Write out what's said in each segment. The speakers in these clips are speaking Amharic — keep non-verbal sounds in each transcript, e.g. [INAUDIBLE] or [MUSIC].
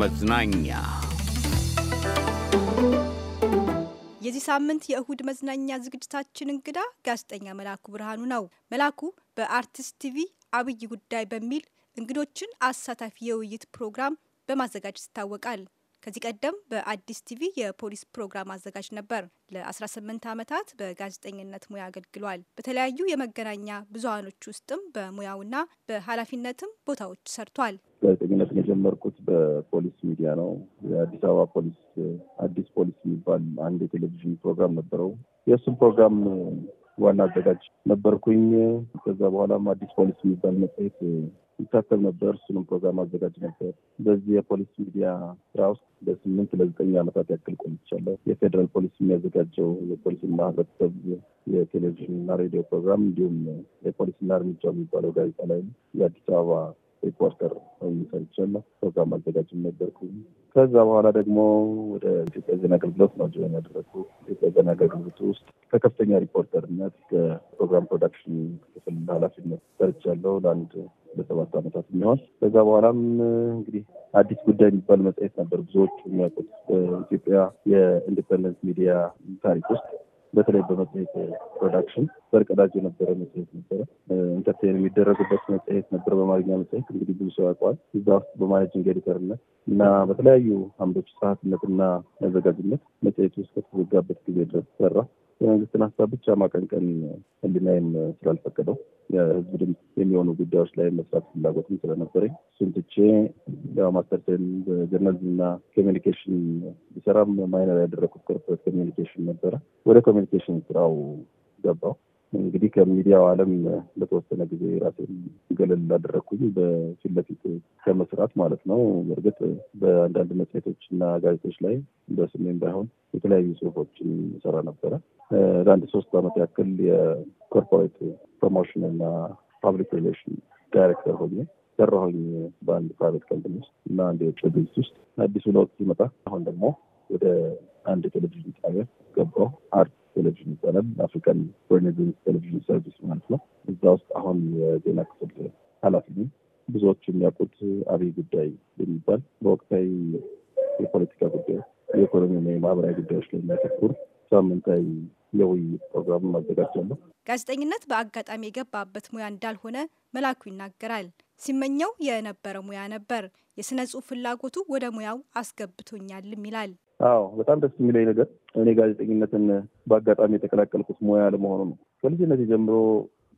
መዝናኛ የዚህ ሳምንት የእሁድ መዝናኛ ዝግጅታችን እንግዳ ጋዜጠኛ መላኩ ብርሃኑ ነው። መላኩ በአርቲስት ቲቪ አብይ ጉዳይ በሚል እንግዶችን አሳታፊ የውይይት ፕሮግራም በማዘጋጀት ይታወቃል። ከዚህ ቀደም በአዲስ ቲቪ የፖሊስ ፕሮግራም አዘጋጅ ነበር። ለ18 ዓመታት በጋዜጠኝነት ሙያ አገልግሏል። በተለያዩ የመገናኛ ብዙሀኖች ውስጥም በሙያውና በኃላፊነትም ቦታዎች ሰርቷል። ጋዜጠኝነትን የጀመርኩት በፖሊስ ሚዲያ ነው። የአዲስ አበባ ፖሊስ አዲስ ፖሊስ የሚባል አንድ የቴሌቪዥን ፕሮግራም ነበረው። የእሱም ፕሮግራም ዋና አዘጋጅ ነበርኩኝ። ከዛ በኋላም አዲስ ፖሊስ የሚባል መጽሔት ይታተብ ነበር። እሱንም ፕሮግራም አዘጋጅ ነበር። በዚህ የፖሊስ ሚዲያ ስራ ውስጥ ለስምንት ለዘጠኝ ዓመታት ያክል ቆይቻለሁ። የፌዴራል ፖሊስ የሚያዘጋጀው የፖሊስ ማህበረሰብ የቴሌቪዥንና ሬዲዮ ፕሮግራም እንዲሁም የፖሊስና እርምጃው የሚባለው ጋዜጣ ላይ የአዲስ አበባ ሪፖርተር ሰርቻለ ፕሮግራም አዘጋጅም ነበርኩ። ከዛ በኋላ ደግሞ ወደ ኢትዮጵያ ዜና አገልግሎት ነው ጆይን ያደረግኩ። ኢትዮጵያ ዜና አገልግሎት ውስጥ ከከፍተኛ ሪፖርተርነት ከፕሮግራም ፕሮዳክሽን ክፍል ኃላፊነት ሰርቻለሁ ለአንድ ለሰባት ዓመታት የሚሆን ከዛ በኋላም እንግዲህ አዲስ ጉዳይ የሚባል መጽሔት ነበር ብዙዎቹ የሚያውቁት በኢትዮጵያ የኢንዲፐንደንት ሚዲያ ታሪክ ውስጥ በተለይ በመጽሔት ፕሮዳክሽን በርቀዳጅ የነበረ መጽሔት ነበረ። ኢንተርቴን የሚደረጉበት መጽሔት ነበር። በአማርኛ መጽሔት እንግዲህ ብዙ ሰው ያውቀዋል። እዛ ውስጥ በማኔጂንግ ኤዲተርነት እና በተለያዩ አምዶች ጸሐፊነት እና አዘጋጅነት ውስጥ ከተዘጋበት ጊዜ ድረስ ሰራ። የመንግስትን ሀሳብ ብቻ ማቀንቀን ህሊናዬም ስላልፈቀደው የህዝብ ድምፅ የሚሆኑ ጉዳዮች ላይ መስራት ፍላጎትም ስለነበረኝ እሱን ትቼ ማስተርሴን ኮሚኒኬሽን ብሰራም ማይነር ያደረኩት ኮርፖሬት ኮሚኒኬሽን ነበረ። ወደ ኮሚኒኬሽን ስራው ገባው። እንግዲህ ከሚዲያው ዓለም ለተወሰነ ጊዜ ራሴን ገለል ላደረግኩኝ በፊት ለፊት ከመስራት ማለት ነው። በእርግጥ በአንዳንድ መጽሔቶች እና ጋዜጦች ላይ በስሜም ባይሆን የተለያዩ ጽሁፎችን ሰራ ነበረ። ለአንድ ሶስት ዓመት ያክል የኮርፖሬት ፕሮሞሽን እና ፓብሊክ ሪሌሽን ዳይሬክተር ሆኜ ሰራሁኝ በአንድ ፕራይቬት ካምፕኒ ውስጥ እና አንድ የውጭ ድርጅት ውስጥ። አዲሱ ለውጥ ሲመጣ አሁን ደግሞ ወደ አንድ ቴሌቪዥን ጣቢያ ገባሁ። አር ቴሌቪዥን ይባላል። አፍሪካን ሬኔዘንስ ቴሌቪዥን ሰርቪስ ማለት ነው። እዛ ውስጥ አሁን የዜና ክፍል ኃላፊ ነኝ። ብዙዎች የሚያውቁት አብይ ጉዳይ የሚባል በወቅታዊ የፖለቲካ ጉዳይ፣ የኢኮኖሚና የማህበራዊ ጉዳዮች ላይ የሚያተኩር ሳምንታዊ የውይይት ፕሮግራም ማዘጋጃለሁ። ጋዜጠኝነት በአጋጣሚ የገባበት ሙያ እንዳልሆነ መላኩ ይናገራል። ሲመኘው የነበረ ሙያ ነበር። የስነ ጽሁፍ ፍላጎቱ ወደ ሙያው አስገብቶኛልም ይላል። አዎ በጣም ደስ የሚለኝ ነገር እኔ ጋዜጠኝነትን በአጋጣሚ የተቀላቀልኩት ሙያ ለመሆኑ ነው። ከልጅነት ጀምሮ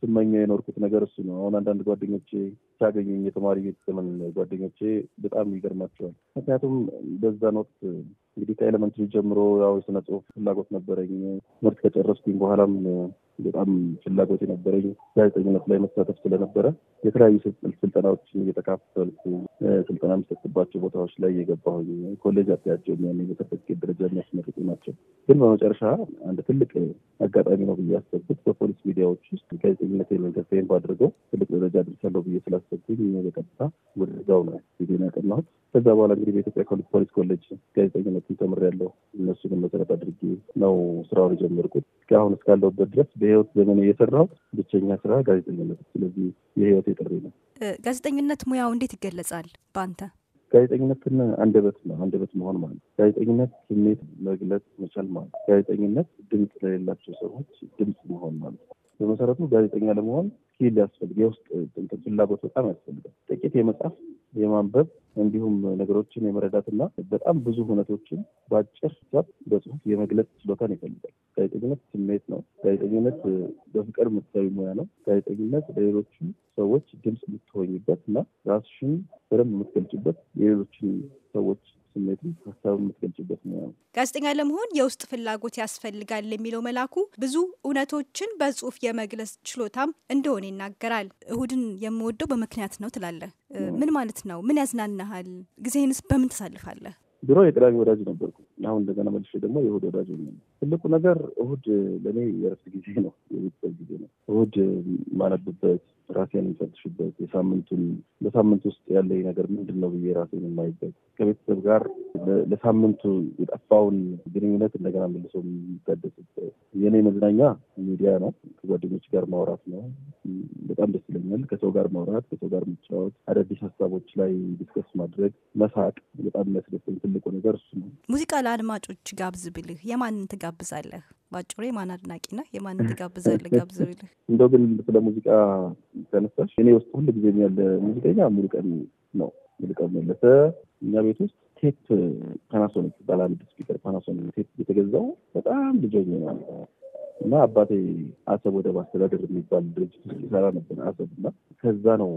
ስመኛ የኖርኩት ነገር እሱ ነው። አሁን አንዳንድ ጓደኞቼ ሲያገኙኝ የተማሪ ዘመን ጓደኞቼ በጣም ይገርማቸዋል። ምክንያቱም በዛን ወቅት እንግዲህ ከኤሌመንትሪ ጀምሮ ያው የስነ ጽሁፍ ፍላጎት ነበረኝ። ትምህርት ከጨረስኩኝ በኋላም በጣም ፍላጎት የነበረኝ ጋዜጠኝነት ላይ መሳተፍ ስለነበረ የተለያዩ ስልጠናዎችን እየተካፈልኩ ስልጠና የሚሰጥባቸው ቦታዎች ላይ የገባሁኝ ኮሌጅ አጥያቸው የሚሆኑ በሰርተፊኬት ደረጃ የሚያስመርጡ ናቸው። ግን በመጨረሻ አንድ ትልቅ አጋጣሚ ነው ብዬ ያሰብኩት በፖሊስ ሚዲያዎች ውስጥ ጋዜጠኝነት የመንገፌን ባድርገው ትልቅ ደረጃ ደርሳለሁ ብዬ ስላሰብኩኝ በቀጥታ ወደዛው ነው ዜና ያጠናሁት። ከዛ በኋላ እንግዲህ በኢትዮጵያ ፖሊስ ኮሌጅ ጋዜጠኝነትን ተምሬያለሁ። ነው ስራውን የጀመርኩት። እስካሁን እስካለሁበት ድረስ በህይወት ዘመን የሰራው ብቸኛ ስራ ጋዜጠኝነት። ስለዚህ የህይወት የጥሪ ነው። ጋዜጠኝነት ሙያው እንዴት ይገለጻል በአንተ? ጋዜጠኝነትን አንደበት ነው። አንደበት መሆን ማለት ጋዜጠኝነት ስሜት መግለጽ መቻል ማለት ጋዜጠኝነት ድምፅ ለሌላቸው ሰዎች ድምፅ መሆን ማለት ነው። በመሰረቱ ጋዜጠኛ ለመሆን ስኪል ያስፈልግ የውስጥ ፍላጎት በጣም ያስፈልጋል። ጥቂት የመጽሐፍ የማንበብ እንዲሁም ነገሮችን የመረዳትና በጣም ብዙ ሁነቶችን በአጭር ሀሳብ በጽሁፍ የመግለጽ ችሎታን ይፈልጋል። ጋዜጠኝነት ስሜት ነው። ጋዜጠኝነት በፍቅር የምታዩ ሙያ ነው። ጋዜጠኝነት ለሌሎችም ሰዎች ድምፅ የምትሆኝበት እና ራስሽን በደንብ የምትገልጭበት የሌሎችን ጋዜጠኛ ለመሆን የውስጥ ፍላጎት ያስፈልጋል የሚለው መላኩ ብዙ እውነቶችን በጽሁፍ የመግለጽ ችሎታም እንደሆነ ይናገራል። እሁድን የምወደው በምክንያት ነው ትላለህ። ምን ማለት ነው? ምን ያዝናናሃል? ጊዜህንስ በምን ተሳልፋለህ? ድሮ የቅዳሜ ወዳጅ ነበርኩ። አሁን እንደገና መልሼ ደግሞ የእሁድ ወዳጅ ነ ትልቁ ነገር እሁድ ለእኔ የእረፍት ጊዜ ነው፣ የቤተሰብ ጊዜ ነው። እሁድ ማነብበት ራሴን የምፈትሽበት የሳምንቱን በሳምንት ውስጥ ያለኝ ነገር ምንድን ነው ብዬ ራሴን የማይበት ከቤተሰብ ጋር ለሳምንቱ የጠፋውን ግንኙነት እንደገና መልሶ የሚታደስበት የኔ መዝናኛ ሚዲያ ነው። ከጓደኞች ጋር ማውራት ነው። በጣም ደስ ይለኛል። ከሰው ጋር ማውራት፣ ከሰው ጋር መጫወት፣ አዳዲስ ሀሳቦች ላይ ዲስከስ ማድረግ፣ መሳቅ በጣም የሚያስደስተኝ ትልቁ ነገር እሱ ነው። ሙዚቃ ለአድማጮች ጋብዝ ብልህ የማንን ትጋብዛለህ? ባጭሩ የማን አድናቂ ነህ? የማንን [LAUGHS] ትጋብዛለህ? ጋብዝ ብልህ እንደው ግን ስለ ሙዚቃ ተነሳሽ እኔ ውስጥ ሁሉ ጊዜ ያለ ሙዚቀኛ ሙሉቀን ነው። ሙሉቀን መለሰ እኛ ቤት ውስጥ ቴፕ ፓናሶኒክ ባለ ስፒከር ፓናሶኒክ ቴፕ የተገዛው በጣም ልጆኝ ነው እና አባቴ አሰብ ወደብ አስተዳደር የሚባል ድርጅት ይሰራ ነበር አሰብ እና ከዛ ነው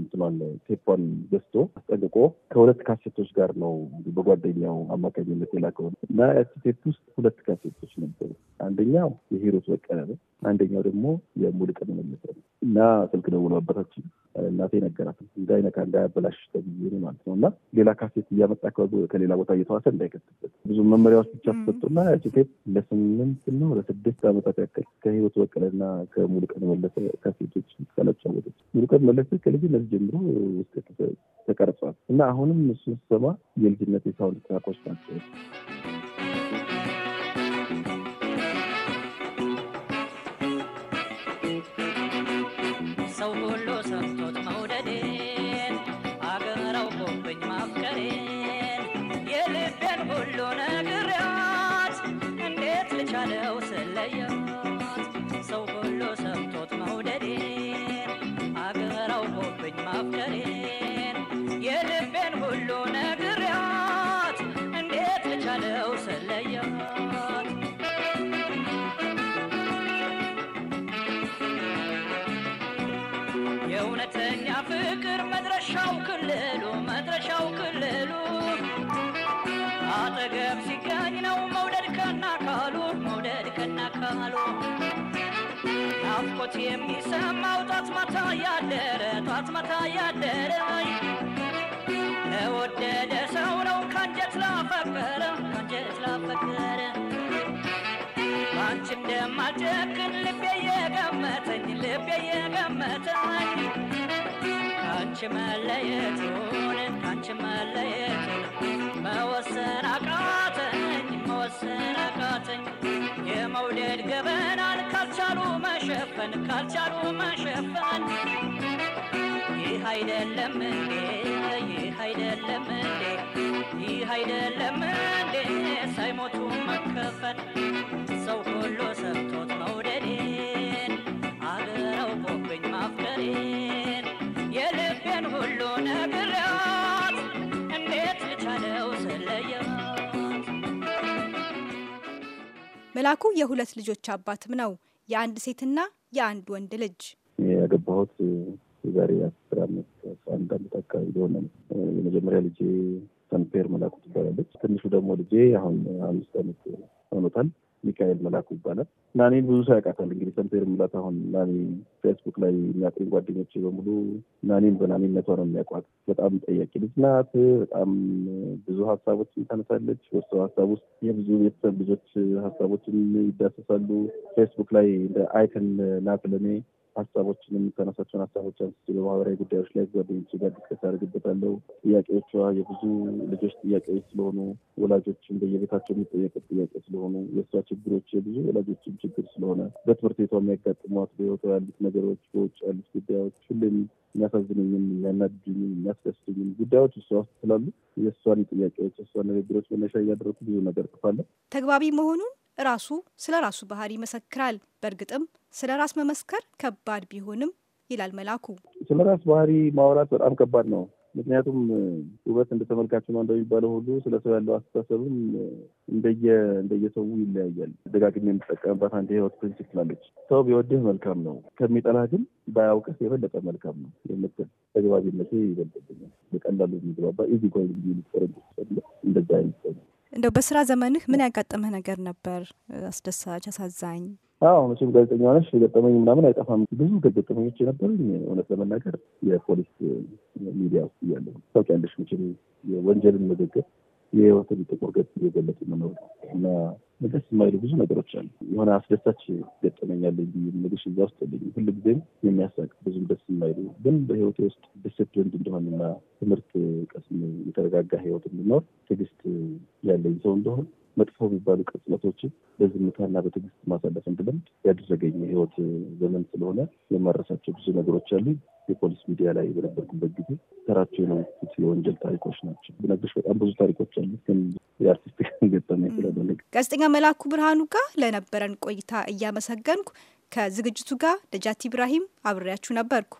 ምትሏል ቴፖን ገዝቶ አስጠንቅቆ ከሁለት ካሴቶች ጋር ነው በጓደኛው አማካኝነት የላከው እና ቴፕ ውስጥ ሁለት ካሴቶች ነበሩ። አንደኛው የሄሮት በቀለ ነው። አንደኛው ደግሞ የሙልቀን መለሰ ነው እና ስልክ ደውሎ አባታችን እናቴ ነገራት እንዳይነካ እንዳያበላሽ ተብዬ ማለት ነው እና ሌላ ካሴት እያመጣ ከሌላ ቦታ እየተዋሰ እንዳይከትበት ብዙ መመሪያዎች ብቻ ተሰጡና ያቺ ቴፕ ለስምንት ነው ለስድስት ዓመታት ያክል ከህይወት በቀለና ከሙሉቀን መለሰ ካሴቶች ተለጫወተች። ሙሉቀን መለሰ ከልጅነት ጀምሮ ውስጥ ተቀርጿል እና አሁንም እሱን ስሰማ የልጅነት የሳውንድ ትራኮች ናቸው። ነው ስለየሁት ሰው ሁሉ ሰምቶት መውደዴን አገር አውቆብኝ ማፍቀሬን የልቤን ሁሉ ነግሬያት እንዴት ቻለው ስለየሁት የእውነተኛ ፍቅር መድረሻው ክልሉ መድረሻው ክልሉ የሚሰማው ጧት ማታ ያደረ ጧት ማታ ያደረ ለወደደ ሰው ነው ካንጀት ላፈቀረ ካንጀት ላፈቀረ እንደማልጨክን ልቤ የገመተኝ ልቤ የገመተኝ ካንቺ መለየቱን መለየቱን መወሰን አቃተኝ መወሰን አቃተኝ የመውደድ ገበና መሸፈን ካልቻሉ መሸፈን ይህ አይደለም እንዴ? ይህ አይደለም እንዴ? ይህ አይደለም እንዴ? ሳይሞቱ መከፈል ሰው ሁሉ ሰብቶት መውደዴን አገር አውቆብኝ ማፍቀሬን የልቤን ሁሉ ነግሬያት እንዴት ልቻለው ስለየዋት። መላኩ የሁለት ልጆች አባትም ነው። የአንድ ሴትና የአንድ ወንድ ልጅ ያገባሁት የዛሬ አስር አመት አንድ አመት አካባቢ ሊሆነ የመጀመሪያ ልጄ ሰንፔር መላኩ ትባላለች። ትንሹ ደግሞ ልጄ አሁን አምስት አመት ሆኖታል። ሚካኤል መላኩ ይባላል። ናኔን ብዙ ሰው ያውቃታል። እንግዲህ ሰምፔር ምላት አሁን ናኔ ፌስቡክ ላይ የሚያውቁኝ ጓደኞች በሙሉ ናኔን በናኔነቷ ነው የሚያውቋት። በጣም ጠያቂ ልጅ ናት። በጣም ብዙ ሀሳቦችን ታነሳለች። በሷ ሀሳብ ውስጥ የብዙ ቤተሰብ ልጆች ሀሳቦችን ይዳሰሳሉ። ፌስቡክ ላይ እንደ አይከን ናት ለእኔ ሀሳቦችን የምታነሳቸውን ሀሳቦች አንስቼ በማህበራዊ ጉዳዮች ላይ ጓደኞቼ ሲጋድቅ ዲስከስ አድርግበታለሁ። ጥያቄዎቿ የብዙ ልጆች ጥያቄዎች ስለሆኑ ወላጆችን በየቤታቸው የሚጠየቁት ጥያቄ ስለሆኑ የእሷ ችግሮች የብዙ ወላጆችን ችግር ስለሆነ በትምህርት ቤቷ የሚያጋጥሟት በህይወቷ ያሉት ነገሮች፣ በውጭ ያሉት ጉዳዮች ሁሌም የሚያሳዝኑኝም የሚያናድዱኝም የሚያስደስቱኝም ጉዳዮች እሷ ውስጥ ስላሉ የእሷን ጥያቄዎች እሷን ንግግሮች መነሻ እያደረኩ ብዙ ነገር ጽፋለሁ። ተግባቢ መሆኑን ራሱ ስለ ራሱ ባህሪ ይመሰክራል። በእርግጥም ስለ ራስ መመስከር ከባድ ቢሆንም ይላል መላኩ፣ ስለ ራስ ባህሪ ማውራት በጣም ከባድ ነው። ምክንያቱም ውበት እንደ ተመልካች ነው እንደሚባለው ሁሉ ስለ ሰው ያለው አስተሳሰብም እንደየ እንደየሰው ይለያያል። ደጋግሜ የምጠቀምባት አንድ ህይወት ፕሪንሲፕል ትላለች፣ ሰው ቢወድህ መልካም ነው፣ ከሚጠላህ ግን ባያውቅህ የበለጠ መልካም ነው የምትል ተግባቢነቴ ይበልጥብኛል። በቀላሉ የሚግባባ ኢዚ ኮይን ሊፈረ እንደዛ አይነት እንደው በስራ ዘመንህ ምን ያጋጠመህ ነገር ነበር አስደሳች፣ አሳዛኝ? አዎ መቼም ጋዜጠኛ ሆነሽ ገጠመኝ ምናምን አይጠፋም። ብዙ ገጠመኞች የነበሩኝ እውነት ለመናገር የፖሊስ ሚዲያ ውስጥ እያለሁ ታውቂያለሽ መቼም የወንጀልን መዘገብ የህይወትን ጥቁር ገጽ እየገለጡ መኖር እና ደስ የማይሉ ብዙ ነገሮች አሉ። የሆነ አስደሳች ገጠመኛል ምግሽ እዛ ውስጥ ልኝ ሁሉ ጊዜም የሚያሳቅ ብዙም ደስ የማይሉ ግን በህይወት ውስጥ ዲስፕሊንድ እንደሆንና ትምህርት ቀስም የተረጋጋ ህይወት እንድኖር ትዕግስት ያለኝ ሰው እንደሆን መጥፎ የሚባሉ ቅጽበቶችን በዝምታና በትዕግስት ማሳለፍ እንድለምድ ያደረገኝ የህይወት ዘመን ስለሆነ የማረሳቸው ብዙ ነገሮች አሉ። የፖሊስ ሚዲያ ላይ በነበርኩበት ጊዜ ተራቸው የነበሩት የወንጀል ታሪኮች ናቸው። ብነግርሽ በጣም ብዙ ታሪኮች አሉ። ግን የአርቲስቲክ ገጠመኝ ስላደረግ ጋዜጠኛ መላኩ ብርሃኑ ጋር ለነበረን ቆይታ እያመሰገንኩ ከዝግጅቱ ጋር ነጃት ኢብራሂም አብሬያችሁ ነበርኩ።